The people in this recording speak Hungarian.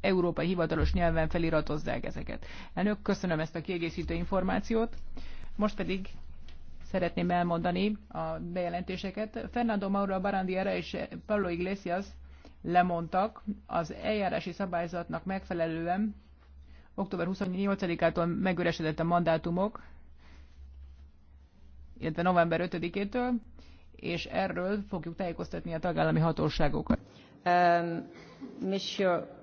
európai hivatalos nyelven feliratozzák ezeket. Elnök, köszönöm ezt a kiegészítő információt. Most pedig szeretném elmondani a bejelentéseket. Fernando Mauro Barandiera és Pablo Iglesias lemondtak az eljárási szabályzatnak megfelelően október 28-ától megüresedett a mandátumok, illetve november 5-től, és erről fogjuk tájékoztatni a tagállami hatóságokat. Um, monsieur...